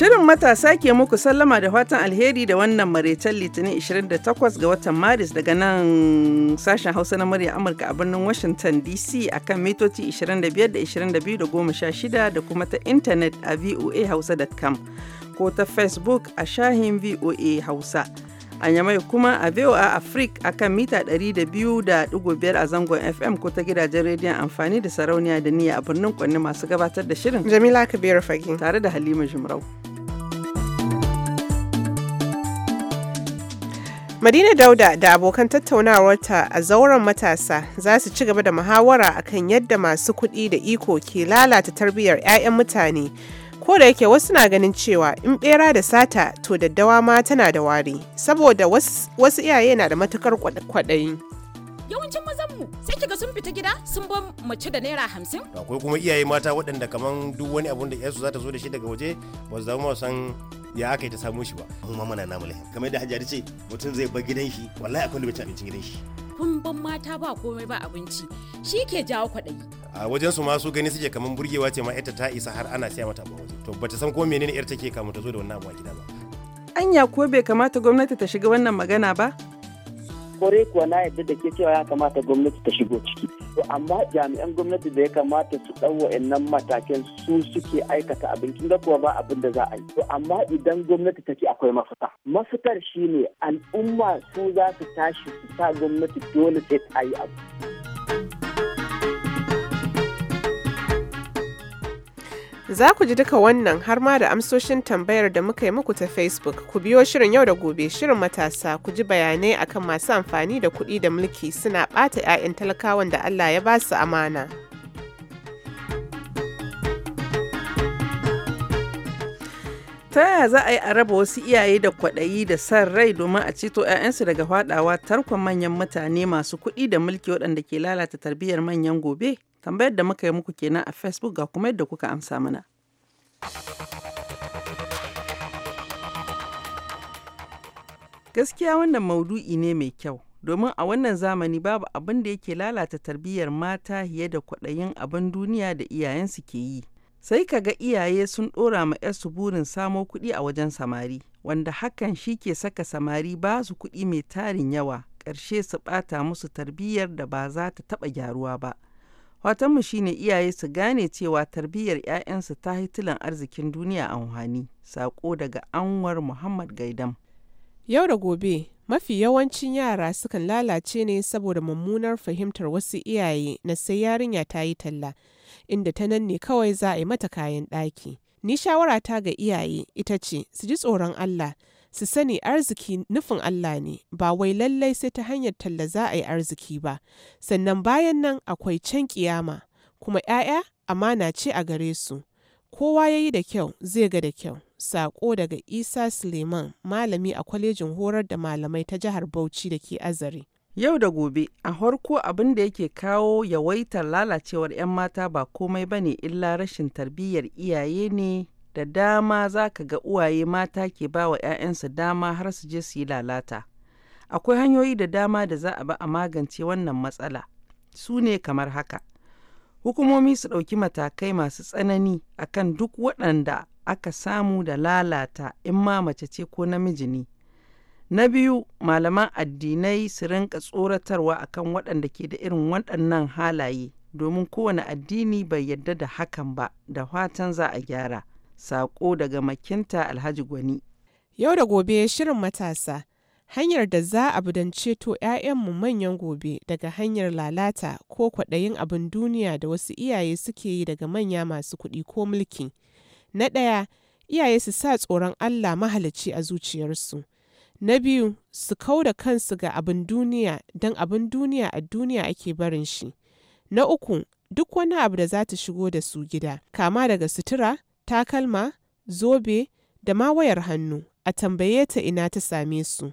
Shirin matasa ke muku sallama da fatan alheri da wannan maraicen litinin 28 ga watan Maris daga nan sashen Hausa na murya Amurka a birnin Washington DC akan mitoci 25 da 22 da 16 da kuma ta intanet a voa voahausa.com ko ta Facebook a shahin VOA Hausa. a Yamai kuma a VOA Africa akan mita 200.5 a zangon FM ko ta gidajen rediyon amfani da sarauniya da niyya a birnin Kwanne masu gabatar da shirin. Jamila Kabiru Fagin. Tare da Halima Jumrau. Madina Dauda da abokan tattaunawarta a zauren matasa za su ci gaba da muhawara akan yadda masu kuɗi da iko ke lalata tarbiyyar 'ya'yan mutane. Ko da yake wasu na ganin cewa in bera da sata to daddawa ma tana da wari, saboda wasu iyaye na da matukar kwaɗayi. Yawancin mazanmu kiga sun fita gida sun bar mace da naira hamsin. akwai kuma iyaye mata waɗanda kaman duk wani abun da yarsu za ta zo da shi daga waje ba su zama san ya aka yi ta samu shi ba. mun ma mana namu lahi kamar yadda hajjari ce mutum zai bar gidan shi wallahi akwai wanda bai ci abincin gidan shi. kun ban mata ba komai ba abinci shi ke jawo kwaɗayi. a wajen su masu gani suke kaman burgewa ce ma ita ta isa har ana siya mata ba waje to bata san ko menene yar take kama ta zo da wannan abu a gida ba. anya ko bai kamata gwamnati ta shiga wannan magana ba. kwarai kuwa na yadda da ke cewa ya kamata gwamnati ta shigo ciki to amma jami'an gwamnati da ya kamata su ɗau wa'annan matakin su suke aikata abin kinga kuwa ba abin da za a yi to amma idan gwamnati ta ce akwai mafita mafitar shine al'umma su za su tashi su sa gwamnati dole sai ta yi abu Za ku ji duka wannan har ma da amsoshin tambayar da muka yi muku ta Facebook. Ku biyo shirin yau da gobe shirin matasa ku ji bayanai akan masu amfani da kuɗi da mulki suna ɓata 'ya'yan talakawan da Allah ya ba su amana. Ta yaya za a yi a raba wasu iyaye da kwaɗayi da san rai domin a ceto 'ya'yansu daga faɗawa tarkon manyan mutane masu kuɗi da mulki waɗanda ke lalata tarbiyyar manyan gobe? Tambayar da muka yi muku kenan a Facebook ga kuma yadda kuka amsa mana. Gaskiya wannan maudu'i ne mai kyau, domin a wannan zamani babu abin da yake lalata tarbiyyar mata fiye da kwaɗayin abin duniya da iyayensu ke yi. Sai ka ga iyaye sun ɗora ma 'yarsu burin samo kuɗi a wajen samari, wanda hakan shi ke saka samari ba su kuɗi mai tarin yawa, ƙarshe su ɓata musu tarbiyyar da ba za ta taɓa gyaruwa ba. Fatanmu shine iyaye su gane cewa tarbiyyar 'ya'yansu ta hitilan arzikin duniya a amfani. Sako daga Anwar Muhammad Gaidam. Yau da gobe, mafi yawancin yara sukan lalace ne saboda mummunar fahimtar wasu iyaye na sai yarinya ta yi talla, inda ta nan ne kawai za a yi mata kayan ɗaki. Ni shawarata ga iyaye ita ce su ji tsoron Allah. su sani arziki nufin Allah ne ba wai lallai sai ta hanyar talla za a yi arziki ba sannan bayan nan akwai can kiyama kuma ‘ya'ya amana ce a gare su kowa ya yi da kyau zai ga da kyau saƙo daga isa suleiman malami a kwalejin horar da malamai ta jihar bauchi da ke Azari. yau da gobe a harko abin da yake kawo yawaitar lalacewar 'yan mata ba komai ba ne illa rashin tarbiyyar iyaye ne da dama za ka ga uwaye mata ke ba wa 'ya'yansu dama har su je su yi lalata. Akwai hanyoyi da dama da za a ba a magance wannan matsala, su ne kamar haka. Hukumomi su ɗauki matakai masu tsanani akan duk waɗanda aka samu da lalata in ma mace ce ko namiji ne. Na biyu, malaman addinai su rinka tsoratarwa akan waɗanda ke da irin waɗannan halaye, domin kowane addini bai yadda da hakan ba, da fatan za a gyara. Sako daga makinta Alhaji Gwani. Yau da gobe shirin matasa. Hanyar da za a bi don ceto 'ya'yanmu manyan gobe daga hanyar lalata ko kwaɗayin abin duniya da wasu iyaye suke yi daga manya masu kuɗi ko mulki. Na ɗaya, iyaye su sa tsoron Allah mahalicci a zuciyarsu. Na biyu, su kau da kansu ga abin duniya don abin duniya a duniya ake barin shi. Na uku, duk wani abu da za ta shigo da su gida, kama daga sutura, takalma, zobe da ma wayar hannu a tambaye ta ina ta same su.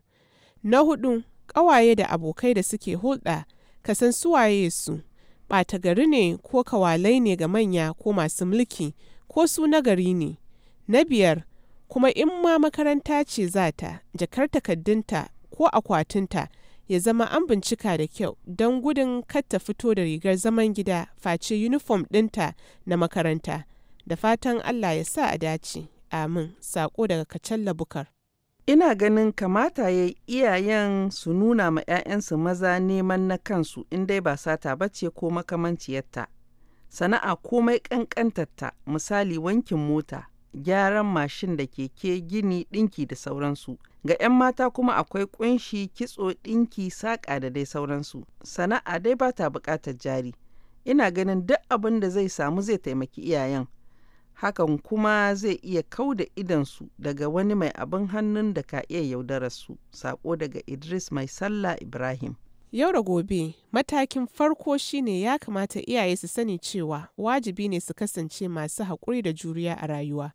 Na hudu, ƙawaye da abokai da suke hulɗa, ka san suwaye su, ɓata gari ne ko kawalai ne ga manya ko masu mulki ko su na gari ne. Na biyar, kuma in ma makaranta ce za ta, jakar takaddunta ko akwatinta ya zama an bincika da kyau don gudun kar ta fito da rigar zaman gida face uniform ɗinta na makaranta. Da fatan Allah ya sa a dace. Amin. Sako daga Kacalla Bukar. Ina ganin kamata ya iyayen su nuna ma 'ya'yansu maza neman na kansu in dai ba sata ba ce ko makamanciyarta. Sana'a komai ƙanƙantarta misali wankin mota, gyaran mashin da keke gini ɗinki da sauransu ga 'yan mata kuma akwai ƙunshi, kitso ɗinki saƙa da dai sauransu sana'a dai ba ta buƙatar jari ina ganin duk abin da zai samu zai taimaki iyayen hakan kuma zai iya kauda idonsu daga wani mai abin hannun da ka iya yaudararsu sako daga idris mai sallah ibrahim yau da gobe matakin farko shine ya kamata iyaye su sani cewa wajibi ne su kasance masu haƙuri da juriya a rayuwa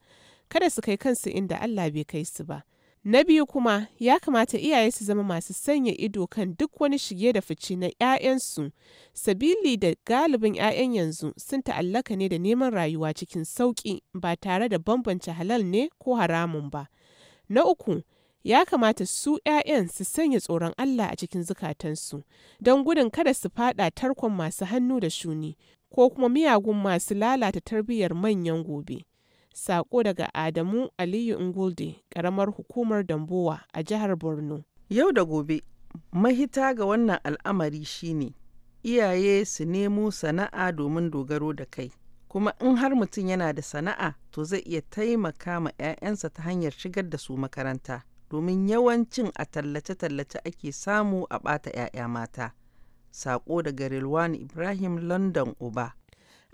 kada su kai kansu inda allah bai kai su ba Na biyu kuma, ya kamata iyaye su zama masu sanya ido kan duk wani shige da fice na 'ya'yansu, sabili da galibin 'ya'yan yanzu sun ta'allaka ne da neman rayuwa cikin sauƙi ba tare da bambance halal ne ko haramun ba. Na uku, ya kamata su 'ya'yan su sanya tsoron Allah a cikin zukatansu, don gudun kada su faɗa tarkon masu hannu da shuni, ko kuma miyagun masu lalata tarbiyyar manyan gobe. Sako daga Adamu Aliyu Ingulde, ƙaramar hukumar Dambowa a jihar Borno. Yau da gobe, mahita ga wannan al'amari shine iyaye su nemo sana'a domin dogaro da kai. Kuma in har mutum yana da sana'a, to zai iya taimaka ma 'ya'yansa ta hanyar shigar da su makaranta. Domin yawancin a tallace-tallace ake samu a ɓata 'ya'ya mata. Sako daga Rilwan Ibrahim London Uba.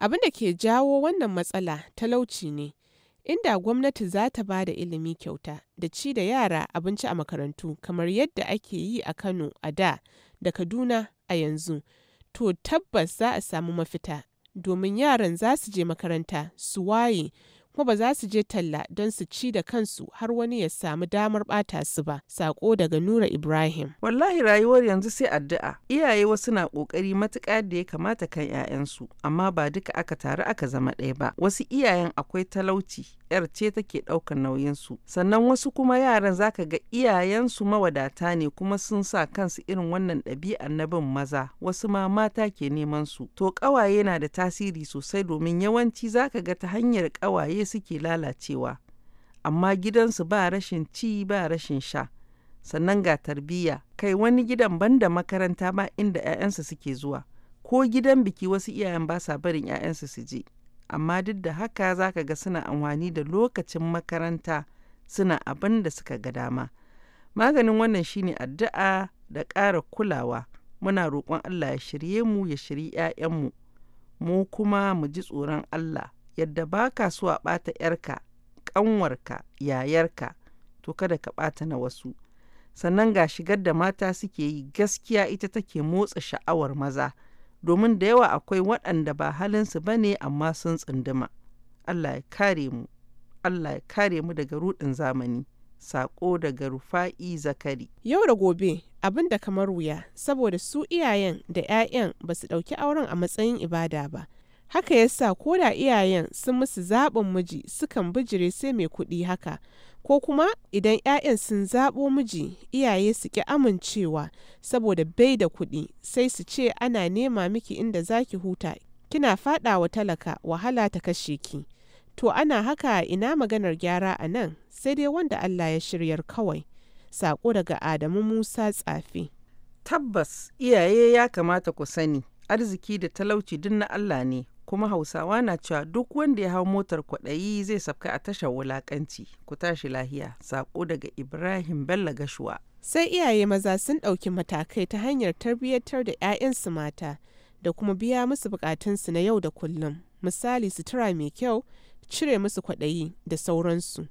Abin da ke jawo wannan matsala talauci ne. Inda gwamnati za ta ba da ilimi kyauta da ci da yara abinci a makarantu kamar yadda ake yi a Kano a da da Kaduna a yanzu, to tabbas za a samu mafita, domin yaran za su je makaranta su waye kuma ba za su je talla don su ci da kansu har wani ya samu damar bata su ba sako daga nura ibrahim wallahi rayuwar yanzu sai addu'a iyaye wasu na kokari matuƙa da ya kamata kan 'ya'yansu amma ba duka aka taru aka zama ɗaya ba wasu iyayen akwai talauci yar ce take ɗaukar nauyinsu sannan wasu kuma yaran zaka ga iyayensu mawadata ne kuma sun sa kansu irin wannan ɗabi'ar na bin maza wasu ma mata ke neman su to ƙawaye na da tasiri sosai domin yawanci zaka ga ta hanyar ƙawaye suke lalacewa, amma gidansu ba rashin ci ba rashin sha, sannan ga tarbiyya, kai wani gidan banda makaranta ma inda 'ya'yansu suke zuwa, ko gidan biki wasu iyayen ba sa barin 'ya'yansu su je, amma duk da haka za ka ga suna amfani da lokacin makaranta suna abin da suka ga dama. Maganin wannan shine addu'a da ƙara kulawa. Muna roƙon Allah ya shirye mu ya shiri 'ya'yanmu, mu kuma mu ji tsoron Allah. yadda ba ka so a ɓata ‘yarka, ƙanwarka, yayarka, to kada ka ɓata na wasu. Sannan ga shigar da mata suke yi gaskiya ita take motsa sha'awar maza, domin da yawa akwai waɗanda ba halinsu ba ne amma sun tsunduma. Allah ya kare mu, Allah ya kare mu daga ruɗin zamani. Sako daga Rufa'i Zakari. Yau da gobe abin da kamar wuya saboda su iyayen da 'ya'yan ba su ɗauki auren a matsayin ibada ba. haka yasa ko da iyayen sun musu zaɓin miji sukan bijire sai mai kuɗi haka ko kuma idan 'ya'yan sun zaɓo miji iyaye su ƙi amincewa saboda bai da kuɗi sai su ce ana nema miki inda zaki huta kina faɗawa talaka wahala ta kashe ki to ana haka ina maganar gyara a nan sai dai wanda Allah ya shiryar kawai saƙo daga Adamu Musa tsafi tabbas iyaye ya kamata ku sani arziki da talauci duk na Allah ne kuma hausawa na cewa duk wanda ya hau motar kwaɗayi zai safka a tashar wulaƙanci ku tashi lahiya saƙo daga ibrahim bello gashuwa sai iyaye maza sun ɗauki matakai ta hanyar tarbiyyatar da 'ya'yansu mata da kuma biya musu bukatunsu na yau da kullum misali sutura mai kyau cire musu kwaɗayi da sauransu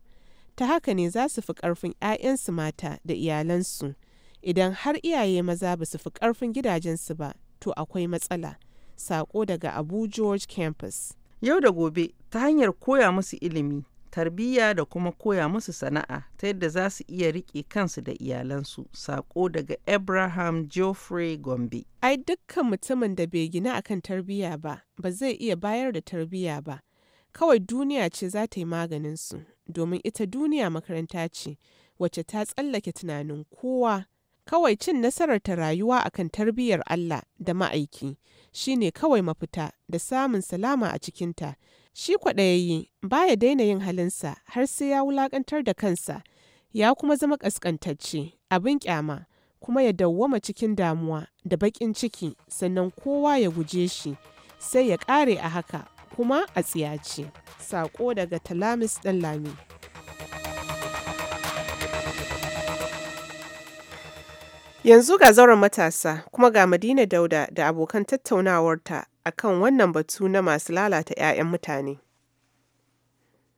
ta haka ne za su fi ƙarfin 'ya'yansu mata da iyalansu idan har iyaye maza ba su fi ƙarfin gidajensu ba to akwai matsala Sako daga Abu George Campus. Yau da gobe ta hanyar koya musu ilimi, tarbiyya da kuma koya musu sana'a ta yadda za su iya riƙe kansu da iyalansu. Sako daga Abraham Geoffrey Gombe. Ai dukkan mutumin da bai gina akan tarbiyya ba, ba zai iya bayar da tarbiyya ba. Kawai duniya ce za ta yi maganinsu, domin ita duniya makaranta ce, wacce ta tsallake tunanin kowa. Kawai cin nasarar ta rayuwa akan tarbiyyar Allah da ma'aiki shine kawai mafita da samun salama a cikinta. Shi kwaɗayayye ba ya daina yin halinsa har sai ya wulaƙantar da kansa, ya kuma zama ƙasƙantacce, abin ƙyama, kuma ya dawwama cikin damuwa da baƙin ciki sannan kowa ya guje shi sai ya ƙare a haka kuma a tsiyace. Saƙo daga Talamis Lami. Yanzu ga zauren matasa kuma ga Madina Dauda da abokan tattaunawarta a kan wannan batu na masu lalata 'ya'yan mutane.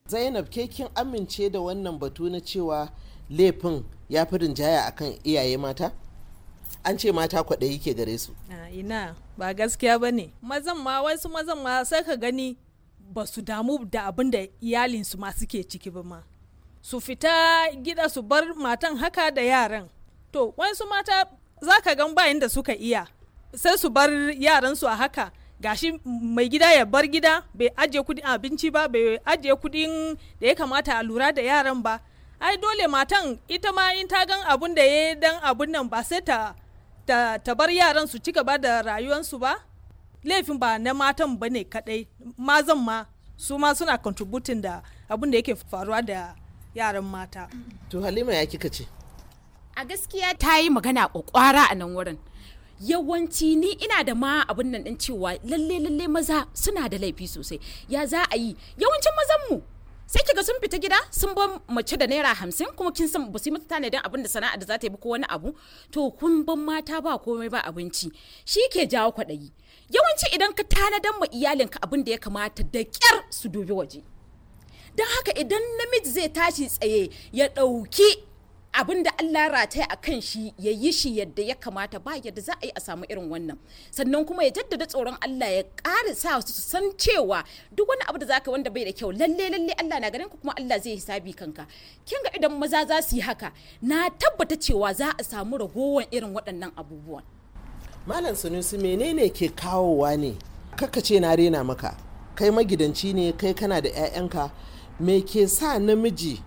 Zainab kekin amince da wannan batu na cewa laifin ya fi rinjaya akan iyaye mata? An ce mata kwaɗayi ke gare su. ina ba gaskiya ba ne. Mazan ma wasu mazan ma sai ka gani ba su damu da abin da iyalinsu ma suke ciki ba ma. Su fita gida su bar matan haka da yaran. to wasu mata za ka gan bayan da suka iya sai su bar yaransu a haka gashi mai gida ya bar gida bai ajiye kudin abinci ba bai ajiye kudin da ya kamata a lura da yaran ba ai dole matan ita ma in ta gan abun da ya dan abun nan ba sai ta ta bar yaran su ci gaba da rayuwansu ba laifin ba na matan ba ne kadai mazan ma su ma suna contributing da abun da yake faruwa da yaran mata to halima ya kika ce a gaskiya ta yi magana kwakwara a nan wurin yawanci ni ina da ma abin nan din cewa lalle lalle maza suna da laifi sosai ya za a yi yawancin mazan mu sai kiga sun fita gida sun ba mace da naira hamsin kuma kin san ba su yi mata tanadin abin da sana'a da za ta yi ko wani abu to kun ban mata ba komai ba abinci shi ke jawo kwaɗayi yawanci idan ka tanadan ma ka abin da ya kamata da kyar su dubi waje don haka idan namiji zai tashi tsaye ya ɗauki abin da Allah rataya a kan shi ya yi shi yadda ya kamata ba yadda za a yi a samu irin wannan sannan kuma ya jaddada tsoron Allah ya ƙara sa su san cewa duk wani abu da za ka wanda bai da kyau lalle lalle Allah na ganin ku kuma Allah zai hisabi kanka kin ga idan maza za su yi haka na tabbata cewa za a samu ragowar irin waɗannan abubuwan malam sunusi menene ke kawowa ne kaka ce na rena maka kai magidanci ne kai kana da 'ya'yanka me ke sa namiji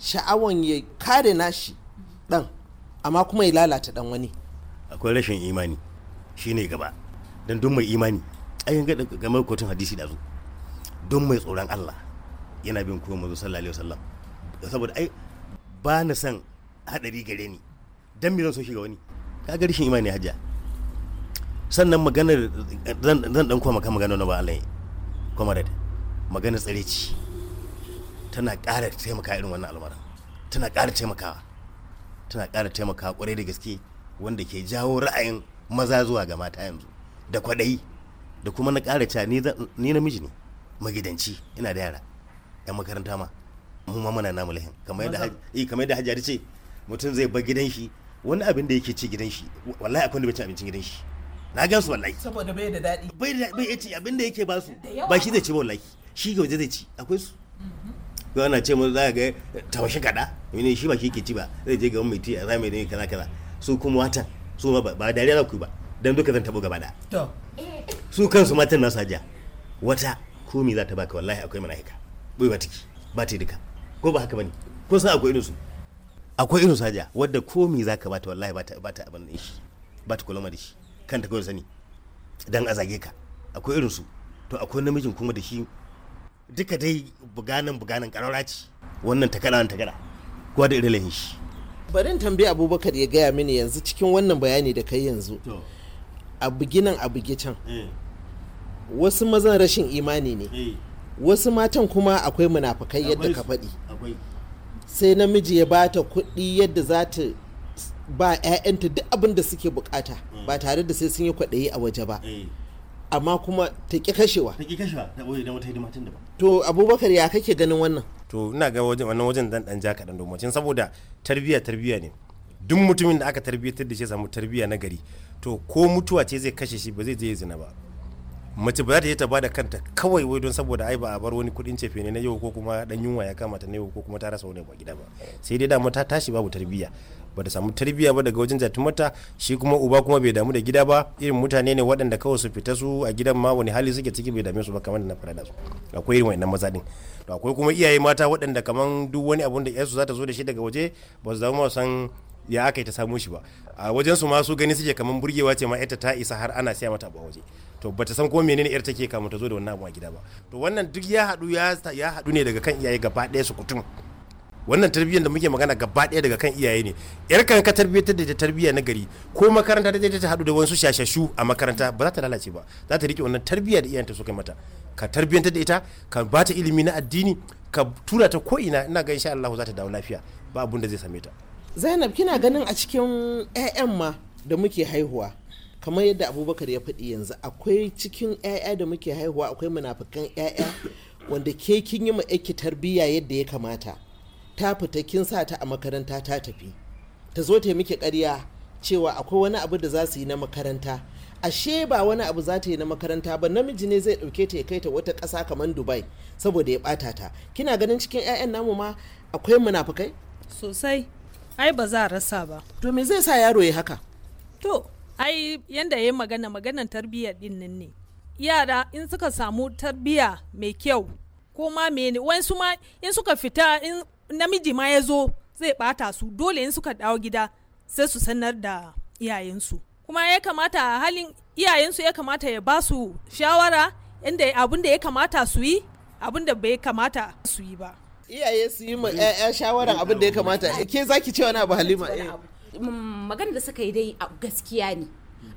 sha'awan ya kare nashi dan amma kuma ya lalata dan wani akwai rashin imani shine gaba dan duk mai imani ayin ga game kotun hadisi da zu don mai tsoron Allah yana bin kuma manzo sallallahu alaihi wasallam saboda ai ba na san hadari gare ni dan me zan so shi ga wani kaga rashin imani hajja sannan maganar zan dan kuma kan maganar na ba Allah kuma da maganar tsare ce tana ƙara taimaka irin wannan al'amarin tana ƙara taimakawa tana ƙara taimakawa ƙwarai da gaske wanda ke jawo ra'ayin maza zuwa ga mata yanzu da kwaɗayi da kuma na ƙara cewa ni namiji ne magidanci ina da yara 'yan makaranta ma mu ma muna namu lahin kamar yadda hajjari eh, ce mutum zai bar gidan shi wani abin da yake ci gidan shi wallahi akwai wanda bai ci abincin gidan shi na gan su wallahi saboda bai da daɗi bai da bai ci abin da yake ba su ba shi zai ci ba wallahi shi ga waje zai ci akwai su mm-hmm. ko ana ce mun za ga tawashi kada ne shi ba shi ke ci ba zai je gaban mai ti a zamani ne kaza kaza su kuma wata su ba ba dariya za ku ba dan duka zan tabo gaba da su kansu matan nasu hajiya wata komi za ta baka wallahi akwai mala'ika bai ba tiki ba ta duka ko ba haka bane ko san akwai irinsu akwai irin saja wadda komi za ka bata wallahi ba ta abin da shi ba ta ma da shi kanta kawai sani dan a zage ka akwai irinsu to akwai namijin kuma da shi duka dai buganin buganin karara ce wannan takada wannan takada kuwa da irin shi bari in tambayi abubakar ya gaya mini yanzu cikin wannan bayani da kai yanzu a buginan a bugi can eh. wasu mazan rashin imani ne eh. wasu matan kuma akwai munafukai yadda ka faɗi sai namiji ya ba ta kuɗi yadda za ta ba 'ya'yanta duk abin da suke bukata eh. ba tare da sai sun yi kwaɗayi a waje ba amma kuma ta ƙi kashewa ta ƙi kashewa ta ɓoye da wata hidima daban to abubakar ya kake ganin wannan to ina ga wajen wannan wajen dan ɗan ja kaɗan domacin saboda tarbiyya tarbiyya ne duk mutumin da aka tarbiyyatar da shi samu tarbiyya na gari to ko mutuwa ce zai kashe shi ba zai je zina ba mace ba za ta je ta bada kanta kawai wai don saboda ai ba a bar wani kuɗin cefe ne na yau ko kuma dan yunwa ya kamata na yau ko kuma ta rasa wani ba gida ba sai dai dama ta tashi babu tarbiyya ba ta samu tarbiyya ba daga wajen mata shi kuma uba kuma bai damu da gida ba irin mutane ne waɗanda kawai su fita su a gidan ma wani hali suke ciki bai dame su ba kamar da na fara da su akwai irin wannan maza din to akwai kuma iyaye mata waɗanda kamar duk wani abun da yarsu za ta zo da shi daga waje ba su zama san ya aka ta samu shi ba a wajen su ma su gani suke kamar burgewa ce ma ta isa har ana siya mata ba waje to bata san ko menene yar take kama ta zo da wannan abu a gida ba to wannan duk ya haɗu ya haɗu ne daga kan iyaye gaba ɗaya su kutum wannan tarbiyyar da muke magana gaba ɗaya daga kan iyaye ne yar kan ka tarbiyyar da ta tarbiyya na gari ko makaranta ta ta haɗu da wasu shashashu a makaranta ba za ta lalace ba za ta rike wannan tarbiyya da iyayenta suka mata ka tarbiyyar da ita ka ba ta ilimi na addini ka tura ta ko ina ina ga insha Allah za ta dawo lafiya ba abun da zai same ta Zainab kina ganin a cikin 'ya'yan ma da muke haihuwa kamar yadda abubakar ya faɗi yanzu akwai cikin 'ya'ya da muke haihuwa akwai munafukan 'ya'ya wanda ke kin yi ma tarbiyya yadda ya kamata ta fita kin sa ta a makaranta ta tafi ta zo ta miki ƙarya cewa akwai wani abu da za su yi na makaranta ashe ba wani abu za ta yi na makaranta ba namiji ne zai ɗauke ta ya kai ta wata ƙasa kamar dubai saboda ya ɓata ta kina ganin cikin 'ya'yan namu ma akwai munafukai sosai ai ba za a rasa ba to me zai sa yaro ya haka to ai yanda ya yi magana maganan tarbiyya din nan ne yara in suka samu tarbiyya mai kyau ko ma mene su ma in suka fita in namiji ma ya zo zai bata su dole in suka dawo gida sai su sanar da iyayensu kuma ya kamata a halin iyayensu ya kamata ya ba su shawara inda abin da ya kamata su yi abin da bai kamata su yi ba iyaye su yi ma 'ya'ya shawara abin da ya kamata ke zaki cewa na abu halima mm, magana da suka yi dai gaskiya ne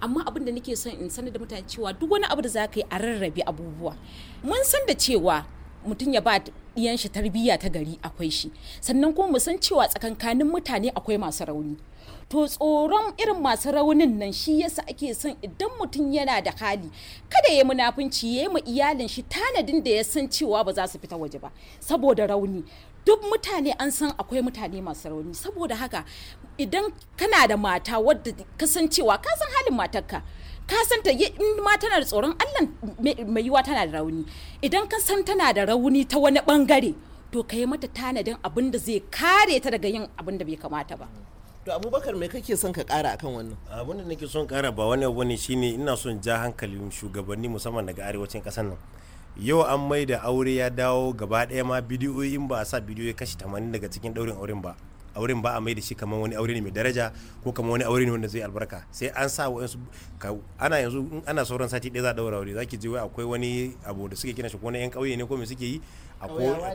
amma abin da nake son in sanar da mutane cewa duk wani abu da za ka yi a rarrabe abubuwa mun san da cewa mutum ya ba ɗiyan shi tarbiyya ta gari akwai shi sannan kuma san cewa tsakankanin mutane akwai masu rauni to tsoron irin masu raunin nan shi yasa ake son idan mutum yana da hali kada ya munafunci ya yi ma iyalin shi tanadin da ya san cewa ba za su fita waje ba saboda rauni duk mutane an san akwai mutane masu rauni saboda haka idan kana da mata wadda kasancewa ka san halin matarka ka san ta in ma tana da tsoron Allah mai yiwa tana da rauni idan ka san tana da rauni ta wani bangare to ka yi mata tanadin abin da zai kare ta daga yin abin da bai kamata ba to abubakar me kake son ka kara akan wannan abin da nake son kara ba wani abu ne shine ina son ja hankalin shugabanni musamman daga arewacin kasar nan yau an mai da aure ya dawo gaba daya ma bidiyoyin ba sa bidiyoyi kashi 80 daga cikin daurin auren ba auren ba a mai da shi kamar wani aure ne mai daraja ko kamar wani aure ne wanda zai albarka sai an sa wa'ansu ana yanzu in ana sauran sati ɗaya za a daura aure zaki je wai akwai wani abu da suke kina shi ko na yan ƙauye ne ko me suke yi a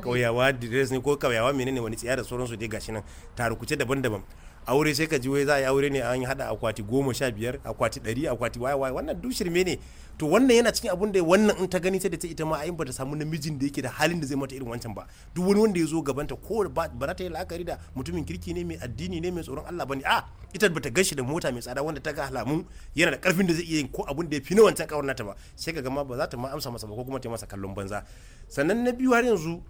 ƙauyawa dress ne ko ƙauyawa menene wani tsiya da sauransu dai gashi nan tarukuce daban-daban aure sai ka ji wai za a yi aure ne an hada akwati goma sha biyar akwati ɗari akwati waya waya wannan duk shirme ne to wannan yana cikin abun da wannan in ta gani sai da ta ita ma ayin bata samu namijin da yake da halin da zai mata irin wancan ba duk wani wanda ya zo gabanta ko ba ta yi la'akari da mutumin kirki ne mai addini ne mai tsoron Allah bane a ita bata gashi da mota mai tsada wanda ta ga alamun yana da karfin da zai iya yin ko abun da ya fi na wancan kawar nata ba sai ka gama ba za ta ma amsa masa ba ko kuma ta masa kallon banza sannan na biyu har yanzu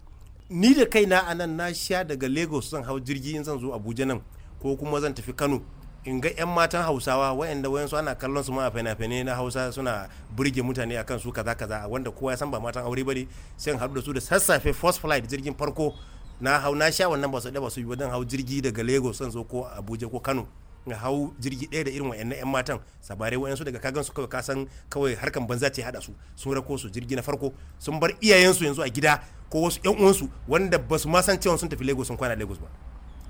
ni da kaina a nan na sha daga lagos zan hau jirgi in zan zo abuja nan ko kuma zan tafi kano in ga 'yan matan hausawa wa'anda wayansu ana kallon su ma a fina-finai na hausa suna burge mutane akan su kaza kaza wanda kowa ya san ba matan aure bane sai in haɗu da su da sassafe first flight jirgin farko na hau na sha wannan ba su ba su yi wajen hau jirgi daga lagos san zo ko abuja ko kano na hau jirgi ɗaya da irin wa'annan 'yan matan sabarai wa'yansu daga kagan su kawai kasan kawai harkan banza ce haɗa su sun rako su jirgi na farko sun bar iyayensu yanzu a gida ko wasu 'yan uwansu wanda ba su ma san cewa sun tafi lagos sun kwana lagos ba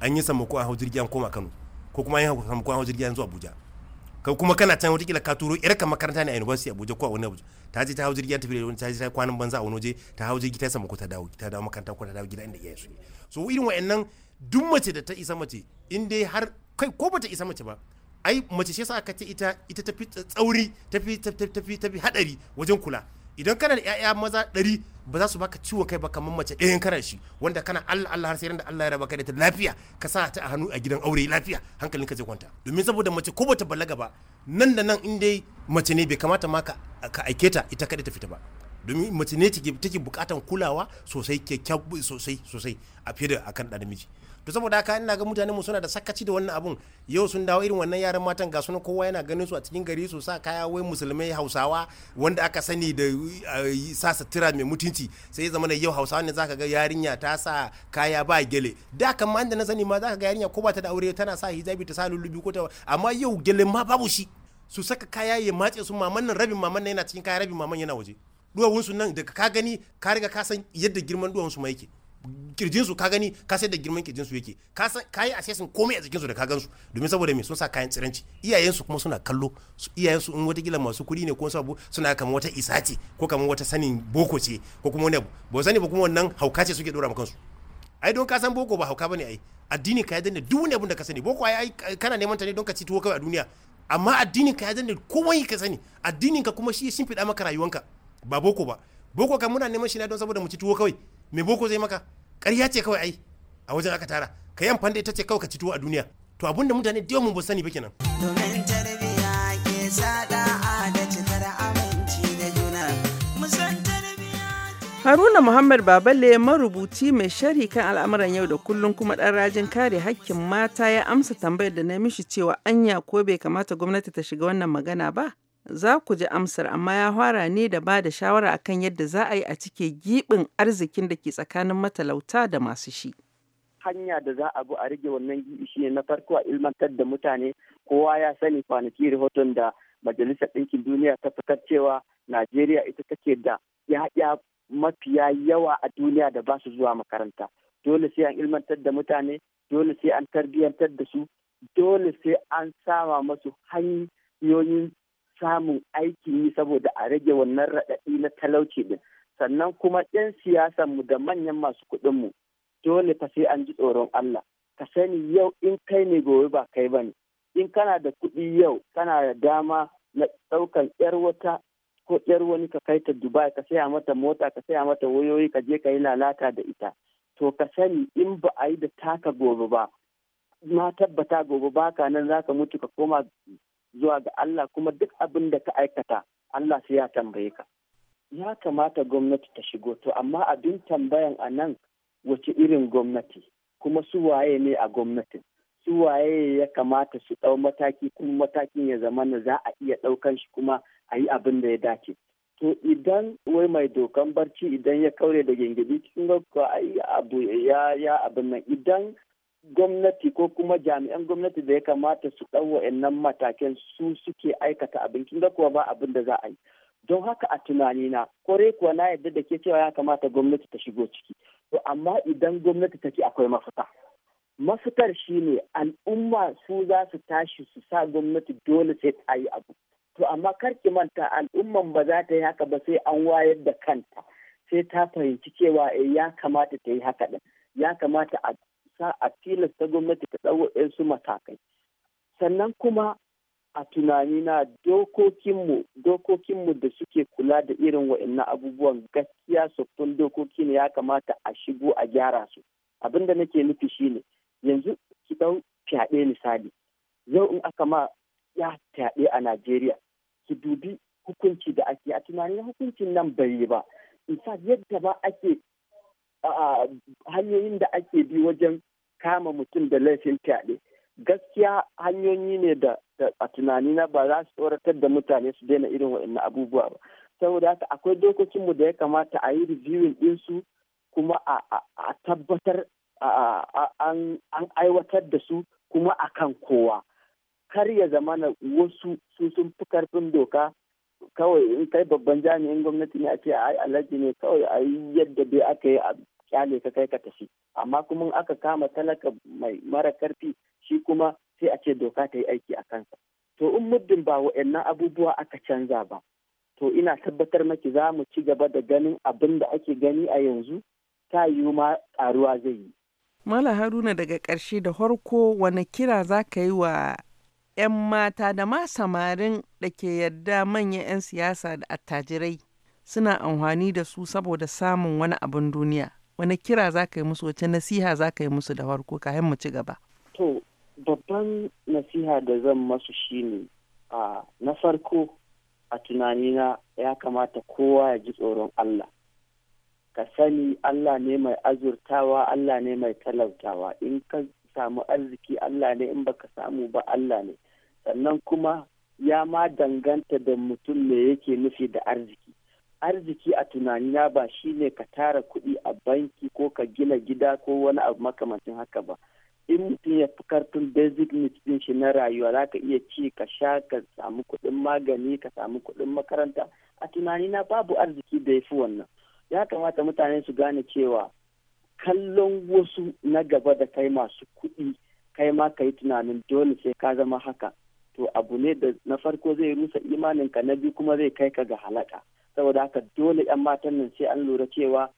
an yi sammako a hau jirgi koma kano ko kuma an yi sammako a hau jirgin zuwa abuja kuma kana can kila ka turo yar ka makaranta ne a university abuja ko a wani abuja ta je ta hau jirgin ta tafi da ta je ta kwanan banza a wani waje ta hau jirgi ta sammako ta dawo ta dawo makaranta ko ta dawo gida inda iyaye su so irin wa'annan duk mace da ta isa mace in dai har kai ko bata isa mace ba ai mace shi yasa aka ce ita ita tafi tsauri tafi tafi tafi hadari wajen kula idan kana da 'ya'ya maza ɗari ba za su baka ciwon kai ba kamar mace ɗayan karar shi wanda kana Allah Allah har sai ran da Allah ya raba ka da ta lafiya ka sa ta a hannu a gidan aure lafiya hankalin ka zai kwanta domin saboda mace ko bata balaga ba nan da nan in dai mace ne bai kamata ma ka aike ta ita kada ta fita ba domin mace ne take bukatan kulawa sosai sosai sosai a fiye da akan ɗan namiji to saboda haka ina ga mutanen mu suna da sakaci da wannan abun yau sun dawo irin wannan yaran matan ga suna kowa yana ganin su a cikin gari su sa kaya wai musulmai hausawa wanda aka sani da eh, sa sutura mai mutunci sai zama yau hausawa ne zaka ga yarinya ta sa kaya ba gele da kan ma da na sani ma zaka ga yarinya ko ba ta da aure tana sa hijabi ta sa lullubi ko ta amma yau gele ma babu shi su saka kaya ya matse su maman nan rabin maman nan yana cikin kaya rabin maman yana waje duwawun su nan daga ka gani ka riga ka san yadda girman duwawun su ma yake kirjinsu ka gani ka sai da girman kirjinsu yake ka san kai assessing komai a su da ka gansu domin saboda me sun sa kayan tsiranci iyayensu kuma suna kallo iyayensu in wata gila masu kuɗi ne ko sabu suna kama wata isati ko kama wata sanin boko ce ko kuma wani ba sani ba kuma wannan hauka ce suke dora ma kansu ai don ka san boko ba hauka bane ai addini ka ya danna duk wani abin da ka sani boko ai kana neman ta ne don ka ci tuwo kawai a duniya amma addinin ka ya danna komai ka sani addinin ka kuma shi ya shimfiɗa maka rayuwanka ba boko ba boko kan muna neman shi ne don saboda mu ci tuwo kawai me boko zai maka ƙarya ce kawai ai a wajen aka tara ka yan da ita ce kawai ka ci a duniya to abun da mutane da mun ba sani ba kenan domin tarbiya ke sada juna Haruna Muhammad Baballe marubuci mai shari kan al'amuran yau da kullun kuma ɗan rajin kare hakkin mata ya amsa tambayar da na mishi cewa anya ko bai kamata gwamnati ta shiga wannan magana ba? Za ku ji amsar amma ya fara ne da ba da shawara akan yadda za a yi a cike giɓin arzikin da ke tsakanin matalauta da masu shi. hanya da za a bi a rage wannan gibi shi ne na farko a ilmantar da mutane kowa ya sani kwanaki rahoton da majalisar ɗinkin duniya ta fitar cewa najeriya ita take da ya'ya mafiya yawa a duniya da ba su zuwa makaranta dole sai an ilmantar da mutane dole sai an tarbiyyantar da su dole sai an sama masu hanyoyin samun aiki yi saboda a rage wannan raɗaɗi na talauci din sannan kuma 'yan mu da manyan masu kuɗin mu dole fa sai an ji tsoron Allah ka sani yau in kai ne gobe ba kai bane in kana da kuɗi yau kana da dama na ɗaukan 'yar wata ko 'yar wani ka kai ta Dubai ka saya mata mota ka saya mata wayoyi ka je ka yi lalata da ita to ka sani in ba a yi da taka gobe ba na tabbata gobe baka nan za ka mutu ka koma zuwa ga Allah kuma duk abin da ka aikata Allah sai ya tambaye ka. Ya kamata gwamnati ta shigo to amma abin tambayan a nan wace irin gwamnati kuma su waye ne a gwamnatin su waye ya kamata su ɗau mataki kuma matakin ya zama na za a iya ɗaukan shi kuma a yi abin da ya dace. To idan wai mai dokan barci idan ya kaure da gingibi cikin gwamnati abu ya abin nan idan gwamnati ko kuma jami'an gwamnati da ya kamata su ɗau wa'annan matakin su suke aikata abin kin ga kuwa ba abin da za a yi don haka a tunani na kore kuwa na yadda da ke cewa ya kamata gwamnati ta shigo ciki to amma idan gwamnati ta take akwai mafita mafitar shine al'umma su za su tashi su sa gwamnati dole sai ta yi abu to amma kar ki manta al'umman ba za ta yi haka ba sai an wayar da kanta sai ta fahimci cewa eh, ya kamata ta yi haka din ya kamata a sa a tilasta gwamnati ta ɗau su matakai sannan kuma a tunanina dokokinmu dokokinmu da suke kula da irin wa'annan abubuwan gaskiya sabbin dokoki ne ya kamata a shigo a gyara su abin da nake nufi shine yanzu ki ɗau fyaɗe misali yau in aka ma ya fyaɗe a najeriya ki dubi hukunci da ake a tunanin hukuncin nan bai yi ba isa yadda ba ake hanyoyin da ake bi wajen kama mutum da laifin fyaɗe gaskiya hanyoyi ne da a tunanina ba za su tsoratar da mutane su daina irin waɗannan abubuwa ba saboda haka akwai dokokinmu da ya kamata a yi reviewing ɗinsu kuma a tabbatar an aiwatar da su kuma a kan kowa kar ya zamana wasu su sun fi karfin doka kawai in kai babban jami'in gwamnati ne a ce yi alhaji ne kawai a yi yadda dai aka yi kyale ka kai ka tafi amma kuma aka kama talaka mai mara karfi shi kuma sai a ce doka ta yi aiki a kansa to in muddin ba wa'annan abubuwa aka canza ba to ina tabbatar maki za mu ci gaba da ganin abin da ake gani a yanzu ta yiwu ma ƙaruwa zai yi Mala Haruna daga ƙarshe da harko wani kira za ka yi wa 'yan mata da ma samarin da ke yadda manyan 'yan siyasa da attajirai suna amfani da su saboda samun wani abin duniya. wani kira za ka yi musu wace nasiha za ka yi musu da farko kayan mu ci gaba to babban nasiha da zan masu shine a na farko a tunanina ya kamata kowa ya ji tsoron Allah ka sani Allah ne mai azurtawa Allah ne mai talautawa in ka samu arziki Allah ne in baka samu ba Allah ne sannan kuma ya ma danganta da mutum me yake nufi da arziki arziki a tunanina ba shine ka tara kuɗi a banki ko ka gina gida ko wani abu makamancin haka ba in mutum ya fi karfin basic needs din shi na rayuwa za ka iya ci ka sha ka samu kuɗin magani ka samu kuɗin makaranta a tunanina babu arziki da ya fi wannan ya kamata mutane su gane cewa kallon wasu na gaba da kai masu kuɗi kai ma ka yi tunanin dole sai ka zama haka to abu ne da na farko zai rusa imaninka na biyu kuma zai kai ka ga halaka saboda haka dole 'yan matan nan sai an lura cewa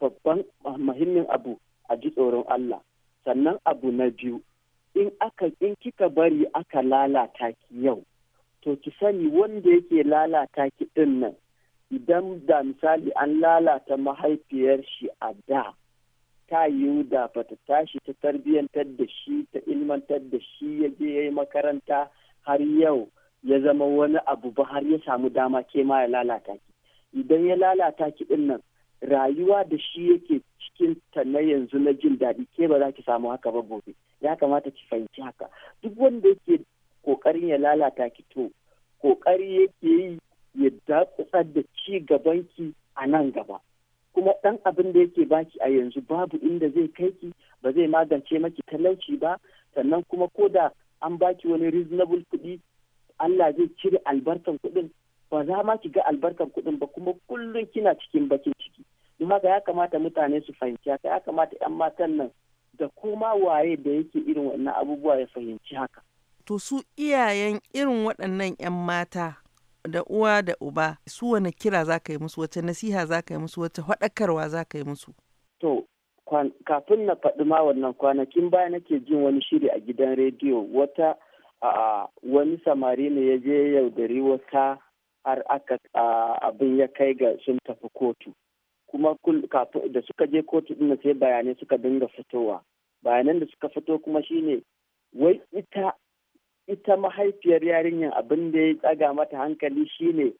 babban muhimmin abu a ji tsoron Allah sannan abu na biyu in aka in kika bari aka lalata ki yau to ki sani wanda yake lalata ki din nan idan da misali an lalata mahaifiyar shi a da ta yiwu da bata tashi ta tarbiyyantar da shi ta ilmantar da shi ya je ya yi makaranta har yau ya zama wani abu ba har ya samu dama ke ma ya lalata ki idan ya lalata ki din nan rayuwa da shi yake cikin ta na yanzu na jin daɗi ke ba za ki samu haka ba gobe ya kamata ki fahimci haka duk wanda yake kokarin ya lalata ki to kokari yake yi ya dakusar da ci gaban ki a nan gaba kuma ɗan abin da yake baki a yanzu babu inda zai kai ki ba zai magance maki talauci ba sannan kuma ko da an baki wani reasonable kuɗi Allah zai cire albarkan kuɗin ba za ma ki ga albarkar kuɗin ba kuma kullum kina cikin bakin ciki don haka ya kamata mutane su fahimci haka ya kamata 'yan matan nan da kuma waye da yake irin wannan abubuwa ya fahimci haka. To su iyayen irin waɗannan 'yan mata da uwa da uba su wani kira za ka yi musu wata nasiha za ka yi musu wata faɗakarwa za ka yi musu? To kafin na faɗi ma wannan kwanakin baya nake jin wani shiri a gidan rediyo wata a wani samari ne ya je yaudari wata har aka abin ya kai ga sun tafi kotu kuma da suka je kotu din sai bayanai suka dinga fitowa bayanan da suka fito kuma shine wai ita mahaifiyar yarinyar abin da ya tsaga mata hankali shine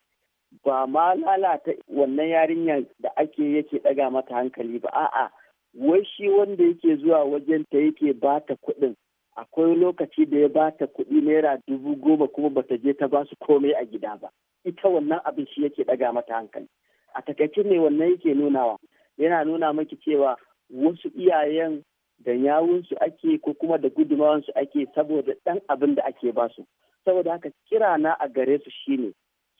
ba ma lalata wannan yarinyar da ake yake tsaga mata hankali ba a'a wai shi wanda yake zuwa wajen ta yake bata kuɗin akwai lokaci da ya bata kuɗi naira dubu goma kuma bata je ta ba su komai a gida ba ita wannan abin shi yake daga mata hankali a takaice ne wannan yake nunawa yana nuna maki cewa wasu iyayen da yawunsu ake ko kuma da gudumawansu ake saboda ɗan abin da ake basu saboda haka kira na a gare su shine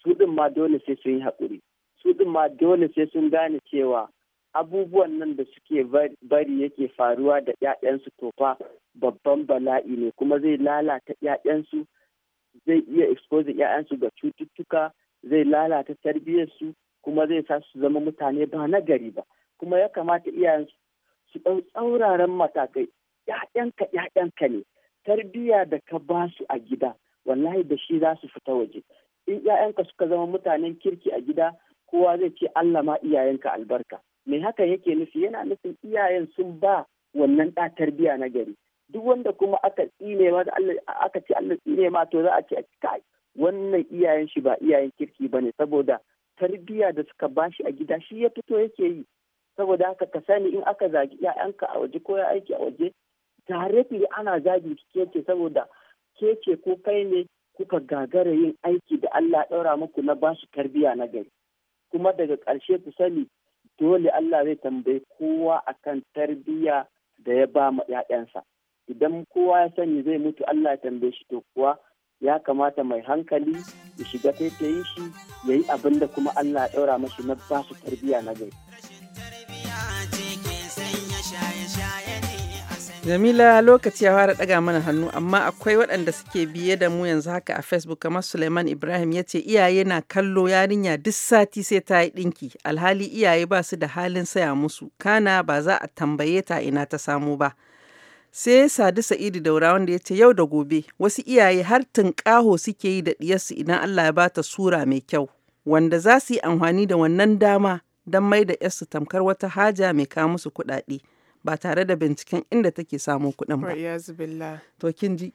su ɗin ma dole sai sun yi haƙuri su ɗin ma dole sai sun gane cewa abubuwan nan da suke bari yake faruwa da 'ya'yansu tofa babban bala'i ne kuma zai lalata 'ya'yansu zai iya expose ‘ya'yansu ga cututtuka zai lalata tarbiyyarsu kuma zai sa su zama mutane ba na gari ba kuma ya kamata iyayensu su ɗau tsauraran matakai ‘ya'yanka ‘ya'yanka ne tarbiyya da ka ba su a gida wallahi da shi za su fita waje in ‘ya'yanka suka zama mutanen kirki a gida kowa zai ce Allah ma iyayenka albarka me haka yake nufi yana nufin iyayen sun ba wannan ɗa tarbiyya na gari duk wanda kuma aka tsine ma aka ce Allah tsine ma to za a ce kai wannan iyayen shi ba iyayen kirki bane saboda tarbiyya da suka bashi a gida shi ya fito yake yi saboda haka ka sani in aka zagi 'ya'yanka a waje ko ya aiki a waje tare ana zagi ke saboda keke ko kai ne kuka gagara yin aiki da Allah ya ɗaura muku na bashi tarbiyya na gari kuma daga ƙarshe ku sani dole Allah zai tambayi kowa akan tarbiyya da ya ba ma ‘ya'yansa. idan kowa ya sani zai mutu Allah ya tambaye shi to kuwa ya kamata mai hankali ya shiga taitayin shi ya yi abin da kuma Allah ya ɗaura mashi na ba su tarbiyya na gari. Jamila lokaci ya fara ɗaga mana hannu amma akwai waɗanda suke biye da mu yanzu haka a Facebook kamar Suleiman Ibrahim ya ce iyaye na kallo yarinya duk sati sai ta yi ɗinki alhali iyaye ba su da halin saya musu kana ba za a tambaye ta ina ta samu ba. sai sadu sa'idu daura wanda ya ce yau da gobe wasu iyaye har tunƙaho suke yi da ɗiyarsu idan allah ya bata sura mai kyau wanda za su yi amfani da wannan dama don mai da yarsu tamkar wata haja mai kawo musu kuɗaɗe ba tare da binciken inda take samun kuɗin ba to kin ji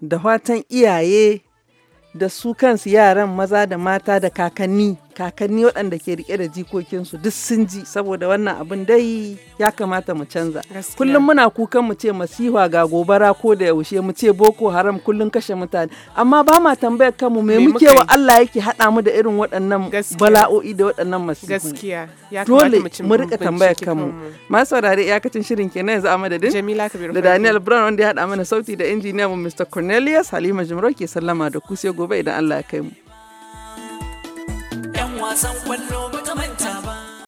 da fatan iyaye da su kansu yaran maza da mata da kakanni kakanni waɗanda ke rike da jikokinsu duk sun ji saboda wannan abin dai ya kamata mu canza kullum muna kukan mu ce masiha ga gobara ko da yaushe mu ce boko haram kullum kashe mutane amma ba ma tambayar kanmu me muke wa Allah yake haɗa mu da irin waɗannan bala'o'i da waɗannan masihu gaskiya dole mu rika tambayar kanmu masu saurare iyakacin shirin kenan yanzu a madadin da Daniel Brown wanda ya haɗa mana sauti da injiniya mu Mr Cornelius Halima Jumro ke sallama da ku sai gobe idan Allah ya kai mu 'yan wasan kwallo mutumin